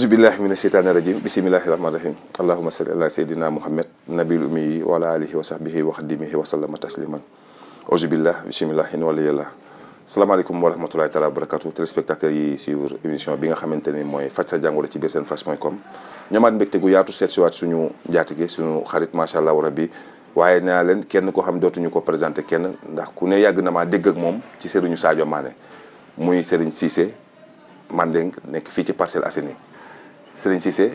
aousubillahi mina sheytaani rajim bisimilahi rahmani rahim allahuma salli ala seydina mouhammad nabil umiyi wala alihi wa sahbihi wa xadimihi wasallama tasliman in wala yàlla salaamaaleykum wa rahmatulahi taala wa barakatu téléspectateurs yi suivre émission bi nga xamante ni mooy faj sa jàngoro ci biir seen flash point com ñoomaat mbégte gu yaatu seet siwaat suñu njaatige suñu xarit macha allah rabi waaye naa leen kenn koo xam dootuñu ko présenté kenn ndax ku ne yàgg na maa dégg ak moom ci sëriñu Sadio Mané muy sëriñ Cissé Mandeng nekk fii ci Parcelles Assainies Serigne Cissé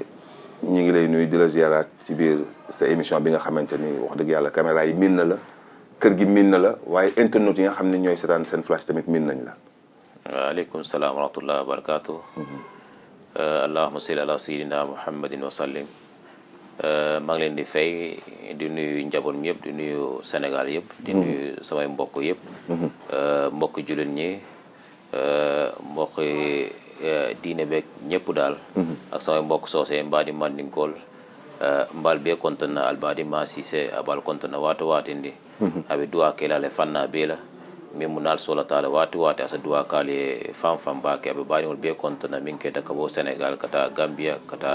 ñu ngi lay nuyu di la ziaraat ci biir sa émission bi nga xamante ni wax dëgg yàlla caméra miin na la kër gi miin na la waaye internet yi nga xam ne ñooy seetaan seen flash tamit miin nañ la. waaleykum salaam wa rahmatulah wa barakaatu. Mm-hmm. Uh, allahumma salli ala sayyidina muhammadin wa sallim. Uh, maa ngi leen di fay di nuyu njaboot yëpp di nuy senegal yëpp. di mm-hmm. nuy samay mbokk yëpp. Mm-hmm. Uh, mbokk jullit ñi mbokk. E, diine ɓe ñëpp daal mhm. ak samay mbokk soose e mbaadi mbandinkol e, mbal ɓe compte na albaadi ma sise abal compte na waatu waatindi mhm. awe duwa kelale fanna bela min mu naal solatala waatu waati asa duwa kaali fan fan mbaake aɓe baaɗingol ɓe compte na min ke dakka bo sénégal kata gambia kata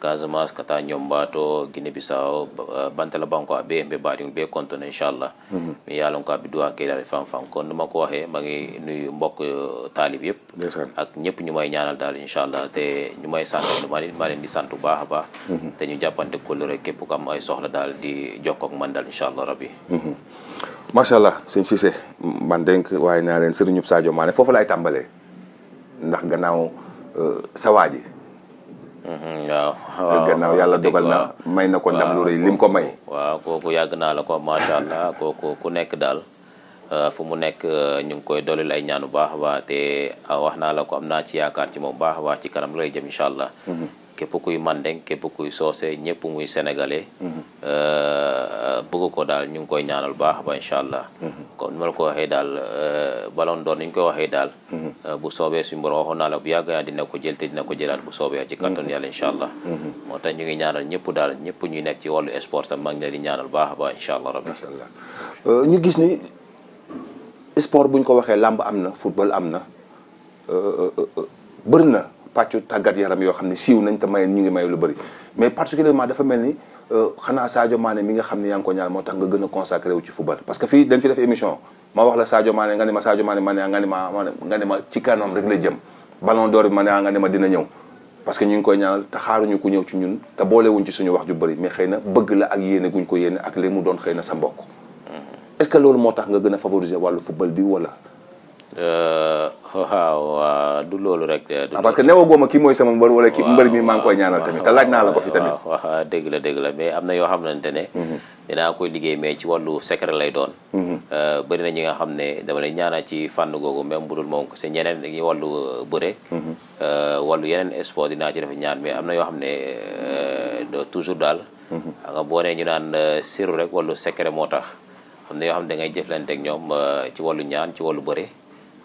casamance kata ñombato guinée bissau eh, bantala banko aɓe ɓe mbaɗigo ɓe contono inchallah mi mhm. yalon ko aɓe duwa keydade fan fan kono numa ko wahe magi nuy mbokk eh, taalib yëpp ak ñëpp ñu may ñaanal daal allah te ñu may sant mani ma leen di sant bu baax a baax mhm. te ñu jàppante kóllëre képp ku am ay soxla daal di jokkoo man daal inchallah rabbi mhm. macha allah sëñ Cissé man dénk waaye naa leen sëriñub Sadio Mané foofu laay tàmbalee ndax gannaaw eh, Mhm, waaw waaw yàlla dogal na may na ko ndam lu rëy lim ko may. waaw kooku yàgg naa la ko macha allah kooku ku nekk daal euh, fu mu nekk euh, ñu ngi koy dolli ay ñaanu baax a baax te euh, wax naa la ko am naa ci yaakaar ci moom baax a baax ci kanam lay jëm incha allah. Mhm. képp kuy mandeng képp kuy soose ñëpp muy sénégalais bëgg ko daal ñu ngi koy ñaanal baax ba incha allah comme eh, ni ma la ko waxee daal ballon d'or ni ñu koy waxee daal bu soobee suñu borom waxoon naa la bu yàgg naa dina ko jël te dina ko jëlaat bu soobee ci kattan yàlla incha allah moo tax ñu ngi ñaanal ñëpp daal ñëpp ñuy nekk ci wàllu sport di ñaanal baax ba allah rabbi ñu gis ni sport buñ ko waxee làmb am na football am na eh, eh, bëri na pàccu tàggat yaram yoo xam ne siiw nañ te may ñu ngi may lu bëri mais particulièrement dafa mel ni euh, xanaa Sadio Mané mi nga xam ne yaa ngi ko ñaan moo tax nga gën a consacré wu ci football parce que fii dañ fi def émission ma wax la Sadio Mané nga ne ma Sadio Mané ma ne ah, nga ne ma nga ah, dina ñëw parce que ñu ngi koy ñaanal te xaaruñu ku ñëw ci ñun te boolewuñ ci suñu wax ju bëri mais xëy na bëgg la ak yéene guñ ko yéene ak li mu doon xëy na sa mbokk mm-hmm. est-ce que loolu moo tax nga gën a favoriser wàllu football bi wala euh, waaw du loolu rek. Ah, parce que newagoo ma kii mooy sama mbër wala kii mbër mi maa ngi koy ñaanal tamit te laaj naa la ko fi tamit. waaw dëgg am na yoo xamante ne. Mhm. dinaa koy liggéey mais ci wàllu secret lay doon. Mhm. Euh, bëri na ñi nga xam ne dama lay ñaanal ci fànn googu même budul moom ko si ñeneen dañuy wàllu euh, bëre. Mhm. Euh, wàllu yeneen sport dinaa ci def ñaan mais am na yoo xam ne toujours daal. Ah, nga boo nee ñu naan siru rek wàllu secret moo tax am na yoo xam ne da ngay jëflante ak ñoom ci wàllu ñaan ci wàllu bëre.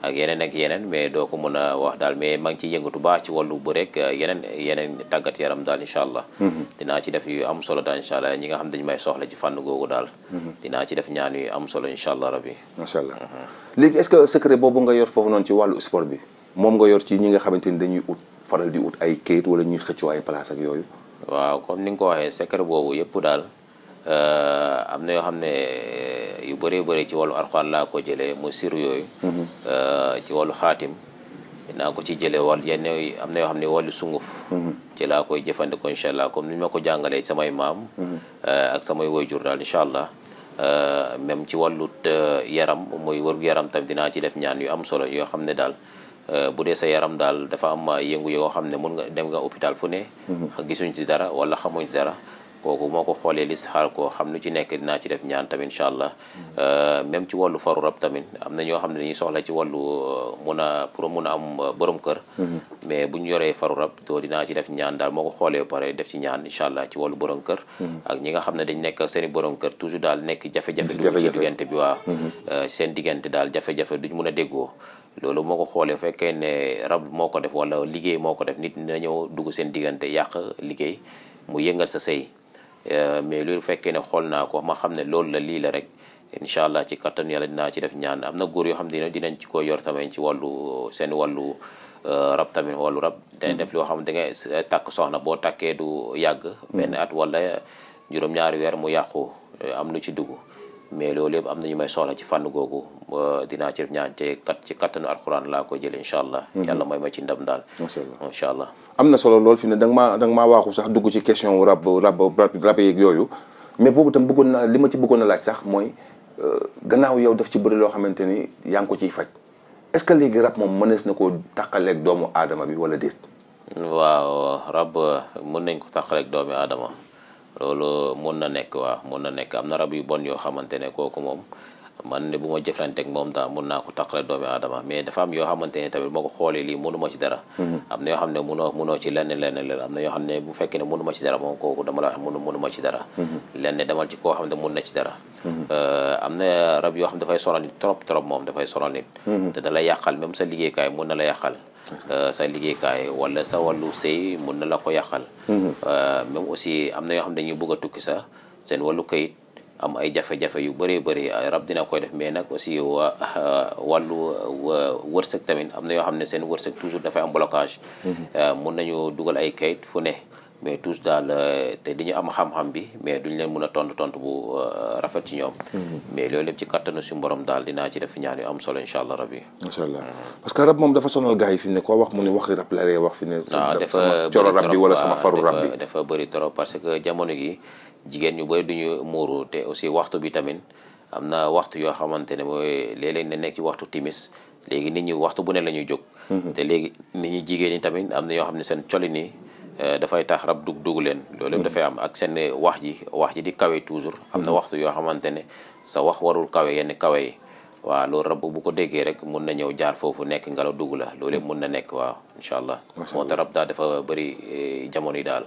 ak yeneen ak yeneen mais doo ko mën a wax daal mais maa ngi ciy yëngatu baax ci wàllu bu rek euh, yeneen yeneen yaram daal incha allah mm-hmm. dinaa ci def yu am solo daal incha allah ñi nga xam dañu may soxla ci fànn googu daal mm-hmm. dinaa ci def ñaan am solo incha allah rabbi macha allah mm-hmm. léegi est-ce que secret boobu nga yor foofu noonu ci wàllu sport bi moom nga yor ci ñi nga xamante ni dañuy ut faral di ut ay kayit wala ñuy xëccoo ay place ak yooyu waaw comme ni nga ko waxee secret boobu yëpp daal Euh, am na yoo xam ne yu bëree bëri ci wàllu alxuraan laa ko jëlee muy siru yooyu mhm. euh, ci wàllu xaatim naa ko ci jëlee wàllu yenn am na yoo xam ne wàllu sunguf mhm. ci laa koy jëfandikoo incha allah comme ni ma ko jàngalee samay maam mhm. euh, ak samay woyjur daal incha allah même ci wàllu yaram muy wërgu yaram tam dinaa ci def ñaan yu am solo yoo xam ne daal bu dee sa yaram daal dafa am yëngu yoo xam ne mun nga dem nga hôpital fu ne gisuñ ci dara wala xamuñ dara kooku moo ko xoolee listixaar ko xam nu ci nekk dinaa ci def ñaan tamit incha allah euh, même ci wàllu faru rab tamit am na ñoo xam ne dañuy soxla ci wàllu euh, mun a pour mun am euh, borom kër mm-hmm. mais bu ñu yoree faru rab to dinaa ci def ñaan daal moo ko xoolee pare def ci ñaan incha allah ci wàllu borom kër mm-hmm. ak ñi nga xam ne dañ nekk seen i borom kër toujours daal nekk jafe-jafe du bi waaw mm-hmm. seen diggante daal jafe-jafe duñ mun a déggoo loolu moo ko xoolee fekkee ne rab moo ko def wala liggéey moo ko def nit dina ñëw dugg seen diggante yàq liggéey mu yëngal sa sëy Euh, mais loolu fekkee ne xool naa ko ma xam ne loolu la lii la rek incha allah ci kattan yàlla dinaa ci def ñaan am na góor yoo xam ne dinañ ci ko yor tamit ci wàllu seen wàllu euh, rab tamit wàllu rab dañ hmm. def loo xam da ngay eh, takk soxna boo takkee du yàgg hmm. benn at walla juróom-ñaari weer mu yàqu eh, am lu ci dugg mais loolu yëpp am na ñu may soxla ci fànn googu dinaa ci def ñaan kat ci kattanu alxuraan laa ko jëlee incha allah. Mhm. yàlla mooy ma ci ndam daal. macha allah incha allah. am na solo lool fi ne da nga maa da nga maa waaxu sax dugg ci question rab rab rab yeeg yooyu mais boobu tam bëggoon na li ma ci bëggoon laaj sax mooy euh, gannaaw yow daf ci bëri loo xamante ni yaa ngi ko ciy faj est-ce que léegi rab moom mënees na koo tàqaleeg doomu aadama bi wala déet. waaw rab mën nañ ko tàqaleeg doomu aadama. loolu mun na nekk waa mun na nekk am na rab yu bon yoo xamante ne kooku moom man ne bu ma jëflanteeg moom tam mun naa ko taqale doomi aadama mais dafa am yoo xamante ne tamit ma xoolee lii mënu ma dara mm-hmm. am na xam ne munoo munoo ci lenn lenn lenn am na yoo xam ne bu fekkee ne mënu ma ci dara moom kooku dama la wax munu mënu ma ci mm-hmm. ci koo xam ne mun na ci dara mm-hmm. euh, am na rab yoo xam dafay sonal nit trop trop moom dafay sonal nit te da yàqal même sa liggéeykaay mun na la yàqal Euh, sa liggéeykaay wala sa wàllu sëy mun na la ko yàqal mm-hmm. euh, même aussi am na yoo xam ne dañuy bëgg a tukki sax seen wàllu kayit am ay jafe-jafe yu bëree bëri rab dina koy def mais nag aussi wa wàllu wërsëg tamit am na yoo xam ne seen wërsëg toujours dafay am blocage mm-hmm. euh, mun nañu dugal ay kayit fu ne mais tous daal euh, te di ñu am xam-xam bi mais duñ leen mun a tontu tontu bu euh, rafet ci ñoom. Mhm. mais loolu lépp ci kattanu si borom daal dina ci def ñaan yu am solo incha allah rabi. incha mhm. parce que rab moom dafa sonal gars yi fi mu ne mu ne rab wax fi ne. ah dafa coro bi wala sama faru rab bi dafa bëri trop parce que jamono gi jigéen ñu du duñu muuru te aussi waxtu bi tamit am na waxtu yoo xamante ne mooy léeg-léeg ne nekk waxtu timis. léegi nit ñi waxtu bu ne la ñuy jóg. Mhm. te léegi nit ñi jigéen ñi tamit am na yoo xam ne seen colin yi Euh, dafay tax rab dugg dugg leen loolu hmm. dafay am ak seen wax ji wax ji di kawe toujours am na hmm. waxtu yoo xamante ne sa wax warul kawe yenn kawe yi waaw loolu rab bu ko déggee rek mun na ñëw jaar foofu nekk ngelaw dugg la loolu yëpp hmm. mun na nekk waaw incha allah moo tax rab daal dafa bëri eh, jamono yi daal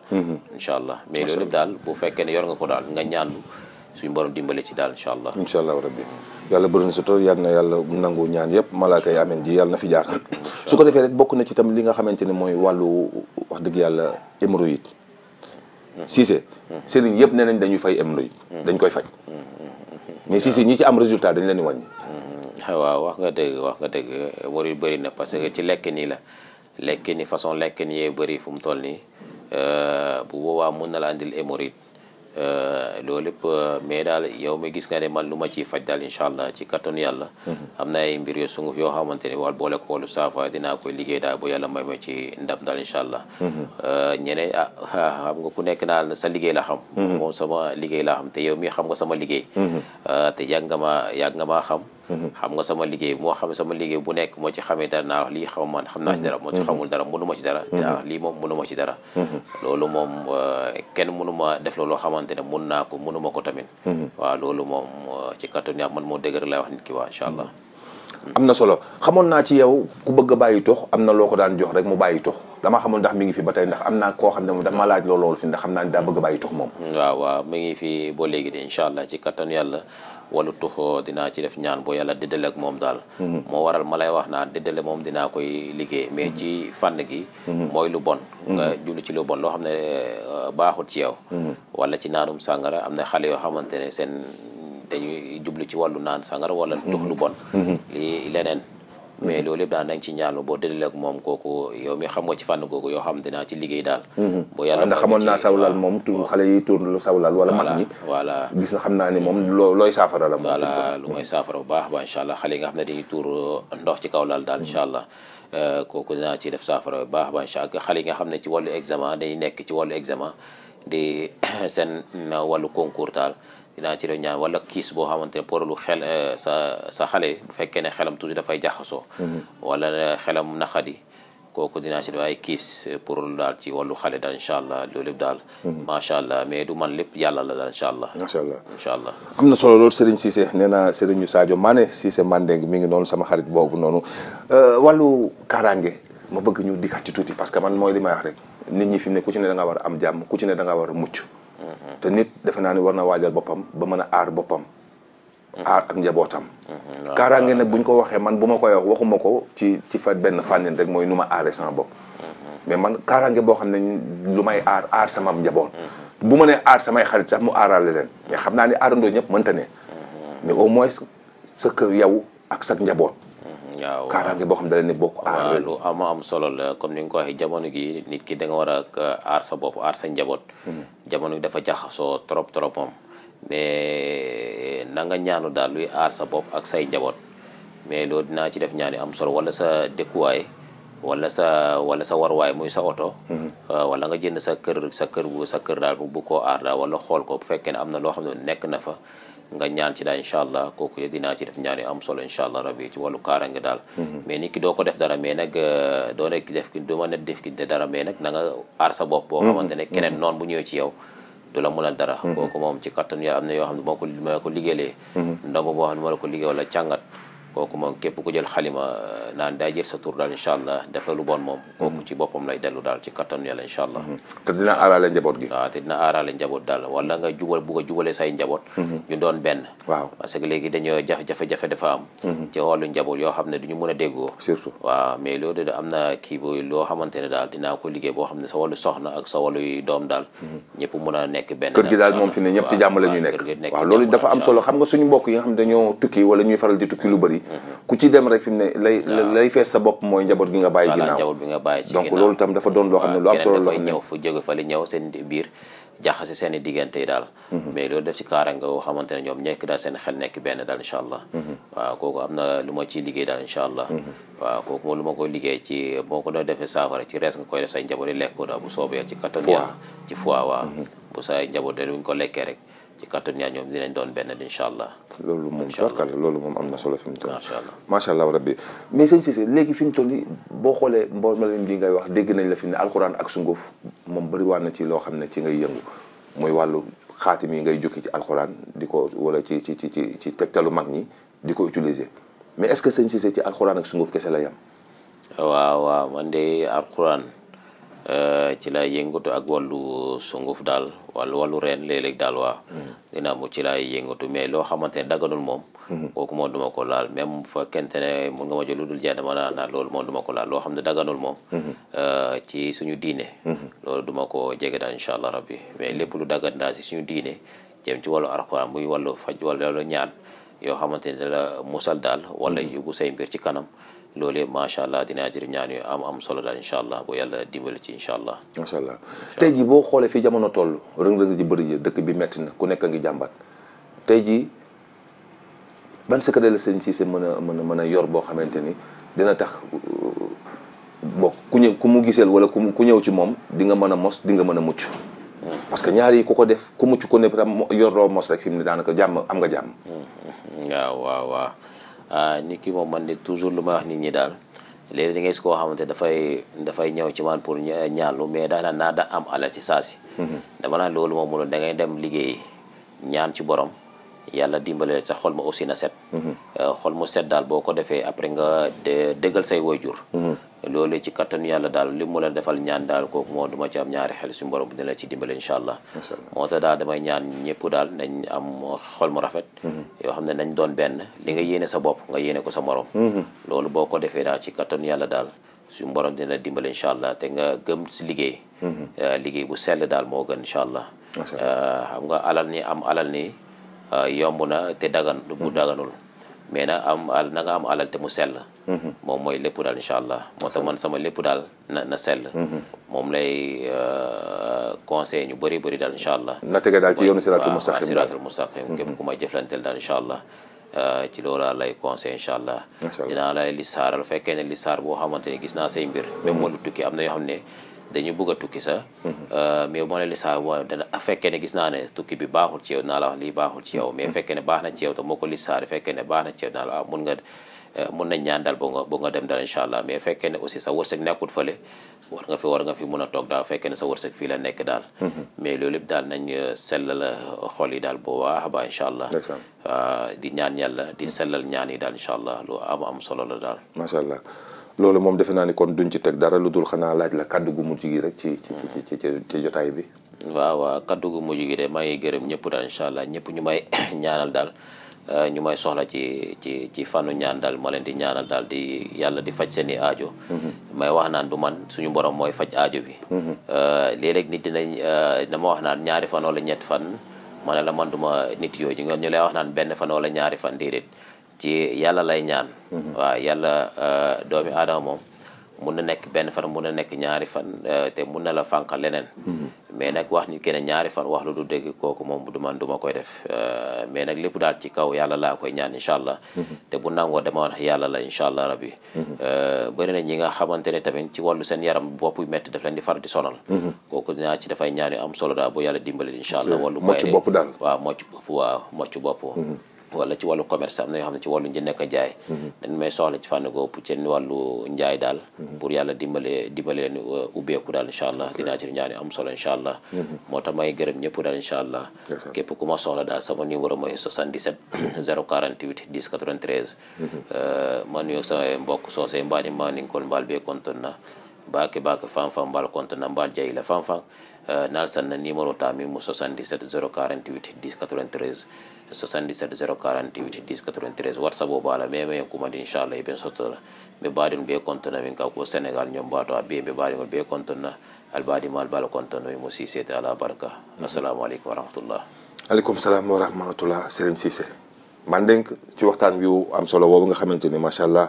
incha allah mais loolu daal bu fekkee ne yor nga ko daal nga ñaanlu suñu borom dimbale ci daal incha allah incha allah rabbi yàlla bëri na sa tool yàlla na yàlla nangu ñaan yëpp malaaka yi ameen ji yàlla na fi jaar su ko defee rek bokk na ci tam li nga xamante ne mooy wàllu wax dëgg yàlla hémorroïde Cissé sëriñ yëpp nee nañ dañuy fay hémorroïde dañ koy faj mais Cissé ñi ci am résultat dañ leen di wàññi waaw wax nga dëgg wax nga dëgg hémorroïde yi bëri na parce que ci lekk nii la lekk ni façon lekk ni yee bëri fu mu toll nii euh, bu boobaa mun na la andil hémorroïde Euh, loolu lépp euh, mais daal yow mi gis nga ne man lu ma ciy faj daal incha allah ci kattanu yàlla mm-hmm. am na ay mbir yu sunguf yoo xamante ne wal boole ko koolu saafa dinaa koy liggéey daal bu yàlla may ma ci ndam daal incha allah mm-hmm. euh, ñeneen ah, ah xam nga ku nekk daal sa liggéey la xam mm-hmm. moom sama liggéey la xam te yow mi xam nga sama liggéey te yàgg nga ma yàgg nga maa xam Mm-hmm. xam nga sama liggéey moo xam sama liggéey bu nekk moo ci xamee dara naax wax xaw man xam naa ci mm-hmm. dara moo ci mm-hmm. xamul dara mënu ma ci dara dinaa wax lii moom mënu ma ci dara loolu moom euh, kenn mënu ma def looloo xamante ne mun naa ko mënu ma ko tamit waaw loolu moom euh, ci kattan yaa man moo dëgër lay wax nit ki waa incha allah am na solo xamoon naa ci yow ku bëgg a bàyyi tox am na loo ko daan jox rek mu bàyyi tox dama xamul ndax mi ngi fi ba tey ndax am na koo xam ne moom dama laaj fi ndax xam naa ni daa moom waaw waaw mi ngi fi boo léegi de allah ci kattanu yàlla walu toxo dinaa ci def ñaan boo yàlla déddale ak moom daal mhm. moo waral ma lay wax naa déddale moom dinaa koy liggéey mhm. mais ci fànn gi moy mhm. lu bon nga jublu ci lu bon loo xam ne euh, baaxul ci yow wala ci naanum sàngara am na xale yoo xamante ne seen dañuy jublu ci wàllu naan sangara wala tux mhm. lu bon mhm. li leneen mais loolu yëpp daal nañ ci ñaanlu boo dëddale ak moom kooku yow mi xam nga ci fànn kooku yoo xam dinaa ci liggéey daal mhm. boo yàlla ndax xamoon naa sawlal moom tu xale yi tourne wala mag ñi gis na xam naa ni moom loo looy saafara la moom voilà mooy saafara bu baax ba incha allah yi nga xam ne dañuy tuur uh, ndox ci kaw laal daal incha allah uh, kooku dinaa ci def saafara bu baax ba incha allah xale yi nga xam ne ci wàllu examen dañuy nekk ci wàllu examen di seen uh, wallu concours daal dinaa ci def ñaan wala kiis boo xamante ne pour lu xel eh, sa sa xale bu fekkee ne xelam toujours dafay jaxasoo mm-hmm. wala eh, xelam naqadi kooku dinaa ci def ay kiis pour lu daal ci wàllu xale daal incha allah lépp daal mm-hmm. macha allah mais du man lép yàlla la daal incha allah macha allah incha allah am na solo lool Serigne Cissé nee na Serigne maane Mané man Mandeng mi ngi noonu sama xarit boobu noonu euh, wàllu kaaraange ma bëgg ñu dikkaat ci tuuti parce que man mooy li may rek ni ñi fi mu ne ku ci ne da nga war a am jàmm ku ci ne da war a mucc te nit defe naa ne war na waajal boppam ba mën a aar boppam. aar ak njabootam. Mm-hmm. kaaraange nag buñ ko waxee man bu ma koy wax waxuma ko ci ci fa benn fànnin rek mooy nu ma aaree sama bopp. Mm-hmm. mais man kaaraange boo xam ne lu may aar aar sama njaboot. bu ma nee aar samay xarit sax mu aaraale leen. mais xam naa ni aarandoo ñëpp mënta ne. Mm-hmm. mais au moins sa kër yow ak sa njaboot. waaw kaaraange boo xam ne bokk aar lu am am solo la comme ni nga ko waxee jamono gi nit ki da nga war a uh, aar sa bopp aar sa njaboot hmm. jamono gi dafa jax soo trop moom mais na ñaanu daal luy aar sa bopp ak say njaboot mais loolu dinaa ci def ñaani am solo wala sa dëkkuwaay wala sa wala sa waruwaay muy sa oto hmm. uh, wala nga jënd sa kër sa kër bu sa kër daal bu koo aar daal wala xool ko bu fekkee ne am na loo xam ne nekk na fa nga ñaan ci daal incha allah kooku dinaa ci def ñaan yu am solo incha allah rabi ci wàllu kaaraange daal mhm. mais ki doo ko def dara mais nag euh, doo nekk def ki doo ma nekk def ki dara mais nag na nga aar sa bopp boo mhm. xamante ne keneen mhm. noonu bu ñëwee ci yow du la mënal dara kooku moom ci kattan yàlla am na yoo xam ne boo ko moo ko liggéeyee ndomb boo xam ne moo la ko liggéey wala kooku moom képp ku jël xalima euh, naan daay jël sa tur daal incha allah dafa lu bon moom kooku ci boppam lay dellu daal ci kattanu yàlla incha allah mm-hmm. te dina aaraale njaboot gi waaw te dina aaraale njaboot daal wala nga jubal bugg a jubale say njaboot mm-hmm. doon benn waaw parce que léegi dañoo jafe-jafe dafa am mm-hmm. ci wàllu njaboot yoo xam ne du mën a déggoo surtout waaw mais loolu am na kii booy loo xamante ne daal dinaa ko liggéey boo xam ne sa wàllu soxna ak sa wàllu daal ñëpp mën a nekk benn kër gi daal moom fi ne ñëpp ci jàmm la ñuy nekk waaw loolu am solo xam nga suñu mbokk yi nga xam ne tukki wala ñuy faral di tukki lu bëri ku ci dem rek fi mu ne lay fees sa bopp mooy njaboot gi nga bàyyi ginnaaw njaboot bi nga bàyyi ci donc loolu tam dafa doon loo xam ne lu am solo la ñëw fu jóge fa li seen biir jaxase seen i yi daal mhm. mais loolu def ci kaaraange woo xamante ne ñoom ñekk daal seen xel nekk benn daal incha allah mhm. waaw kooku am na ma ciy liggéey daal incha allah mhm. waaw kooku lu ma koy liggéey ci boo ko doon defee saafara ci rees nga koy def say njaboot yi lekk daal bu soobee ci kattan yàlla ci fois waaw bu say njaboot de luñ ko lekkee rek ci kàttan yaa ñoom dinañ doon benn incha allah. loolu moom tubarkalla loolu moom am na solo fi mu toll. macha allah macha allah rabbi mais sëñ Cissé léegi fi mu toll boo xoolee mboolem bi ngay wax dégg nañ la fi ne alxuraan ak sunguf moom bëriwaat na ci loo xam ne ci ngay yëngu mooy wàllu xaatim yi ngay jukki ci alxuraan di ko wala ci ci ci ci ci tegtalu mag ñi di ko utiliser mais est-ce que sëñ Cissé ci alxuraan ak sunguf kese la yam. waaw waaw man de alxuraan. Euh, ci laay yëngatu ak wàllu sunguf daal wàllu wàllu reen léeg daal waa mm-hmm. dina mu ci laay yëngatu mais loo xamante ne daganul moom mm-hmm. kooku moom duma ko laal même fekkente ne mun nga ma jël lu dul jaay dama naa naa loolu moom duma ko laal loo xam ne daganul moom mm-hmm. euh, ci suñu diine loolu duma ko jege daal incha allah rabbi mais lépp lu dagan daal si suñu diine jëm ci wàllu alxuraan muy wàllu faj wàllu ñaan yoo xamante ne dala musal daal wala yóbbu say mbir ci kanam loolee macha allah dina jëriñ ñaan yu am am solo daal incha allah bu yàlla dimbali ci incha allah. ma allah tey jii boo xoolee fii jamono toll rëng-rëng ji bëri ji dëkk bi metti na ku nekk a ngi jàmbat tey jii ban secret la sëñ Cissé mën a mën a mën a yor boo xamante ni dina tax euh, bokk ku ñëw ku mu giseel wala ku ku ñëw ci moom di nga mën a mos di nga mën a mucc. parce que ñaar yi ku ko def ku mucc ku ne yor loo mos rek fi mu ne daanaka jàmm am nga jàmm. Mm-hmm. waaw waaw. Euh, nit ki moom man de toujours lu ma wax nit ñi daal léegi da ngay gis koo xamante dafay dafay ñëw ci man pour ñaan lu mais daanaka naa da am alal ci saa mhm. dama naan loolu moom mu da ngay dem liggéey ñaan ci borom. yàlla dimbalee sa xol ma aussi na set mhm. euh, xol mu set daal boo ko defee après nga dëggal say waajur mhm. loolu ci kattanu yàlla daal li mu la defal ñaan daal kooku moo duma ci am ñaari xel su borom dina la ci dimbale incha allah moo daal damay ñaan ñëpp daal nañ am xol mu rafet mhm. yoo xam ne nañ doon benn li nga yéene sa bopp nga yéene ko sa morom loolu boo ko defee daal ci kattanu yàlla daal suñu borom dina dimbale incha allah te nga gëm si liggéey euh, liggéey bu sell daal moo gën incha allah euh, xam nga alal nii am alal ni Euh, yomb na te dagan bu mhm. daganul mais na am al na am alal te mu sell mhm. moom mooy lépp daal incha allah moo tax man sama lépp daal na na sell mhm. moom lay euh, conseil ñu bëri bëri daal incha allah na tege daal ci yoonu siraatul mustaqim siraatul mustaqim képp ku may jëflanteel daal incha allah euh, ci loolaa lay conseil incha allah dinaa lay lissaaral fekkee ne lissaar boo xamante ne gis naa say mbir même wala tukki am na yoo xam ne dañu bëgg a tukki sax. Euh, mais bu ma saa wa dana ah, fekkee ne gis naa ne tukki bi baaxul ci yow naa la wax lii baaxul ci yow mais fekkee ne baax na ci yow te moo ko lissaare ne baax na ci yow naa la waaw ah, mun nga euh, mun nañ ñaan dem daal incha allah mais fekkee ne aussi sa wërsëg nekkul fële war nga fi war nga fi mun toog daal fekkee ne sa wërsëg fii la nekk daal. mais loolu yëpp daal nañ euh, sellal xol yi daal bu a baax incha allah. di ñaan yàlla di sellal ñaan yi daal incha allah lu am am solo la daal. macha allah. loolu moom defe naa ni kon duñ teg dara lu dul xanaa laaj la kàddu gu mujj gi rek ci ci ci ci jotaay bi. waaw waaw kaddugu mujj gi de maa ngi gërëm ñëpp daal incha allah ñëpp ñu may ñaanal daal euh, ñu may soxla ci ci ci fànnu ñaan daal ma leen di ñaanal daal di yàlla di faj seen i aajo. Mm-hmm. may wax naan du man suñu borom mooy faj aajo bi. Mm-hmm. Euh, léeg-léeg nit dinañ euh, dama wax naan ñaari fan wala ñetti fan ma ne la man duma nit yooyu ñu lay wax naan benn fan wala ñaari fan déedéet. ci yàlla lay ñaan mhm. waaw yàlla euh, doomi aadama moom mun na nekk benn fan mun na nekk ñaari fan euh, te mun na la fànqal leneen mhm. mais nag wax ni kenn ñaari fan wax lu du dégg kooku moom du man du ma koy def euh, mais nag lépp daal ci kaw yàlla laa koy ñaan incha allah mhm. te bu nangoo dama wax yàlla la incha allah rabbi bëri na ñi nga xamante ne tamit ci wàllu seen yaram bopp yu métti daf leen di far di sonal kooku naa ci dafay ñaan yu am solo daal bu yàlla dimbali incha allah wàllu mocc bopp daal waaw mocc bopp waaw mocc bopp wala ci wàllu commerce am na yoo xam ne ci wàllu njënd ak jaay mhm. dañ may soxla ci fànn googu ci wàllu njaay daal mhm. pour yàlla dimbale dimbale leen uh, daal incha allah dinaa ci ñaan am solo incha allah mhm. moo ta may gërëm ñëpp daal incha allah képp ku ma soxla daal sama numéro mooy 77 048 10 93 ma nuyoog mbokk soosee mbaani mbaani kol mbaal bee kontoon na baake baake fanfan mbaal kontoon na mbaal jayi la fanfan uh, naal san na numéro taa mi mu 77 048 10 93 77 048 10 93 whatsapp o baala mais ɓen kumadi inchallah eɓen sottora ɓe mbaɗen ɓe min ka ko sénégal ñom mbato a ɓe ɓe mbaɗigol ɓe contonna albaɗima albala mo sisete ala barka assalamu aleykum wa aleykum salam wa rahmatullah sérine man denk ci waxtaan wi am solo woowu nga xamante ni machallah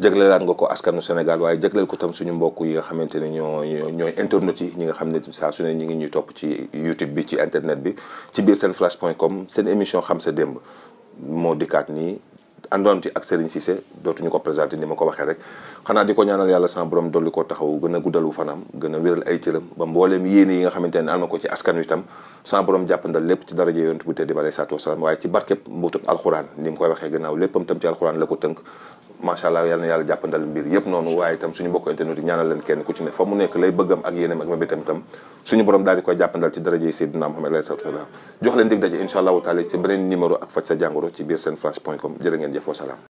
jagleelaat nga ko askanu Sénégal waaye jagleel ko tam suñu mbokk yi nga xamante ne ñoo ñooy internet yi ñi nga xam ne saa su ne ngi ñuy topp ci YouTube bi ci internet bi ci biir senflash.com seen émission xam sa démb moo dikkaat nii àndoon ci ak Serigne Cissé dootuñu waxee rek xanaa ko ñaanal yàlla sama borom dolli ko a guddalu fanam gën a wéral ay cëram ba am na ko ci askan wi itam sama borom jàppandal lépp ci tënk macha allah yàlla jàppandal mbir yëpp noonu waaye itam suñu mbokk internet yi ñaanal leen kenn ci ne fa mu nekk lay bëggam ak yéenam ak mébétam itam jox leen dig daje incha allahu taala ci beneen numéro ak faj sa jàngoro ci biir senflash point com jafo salam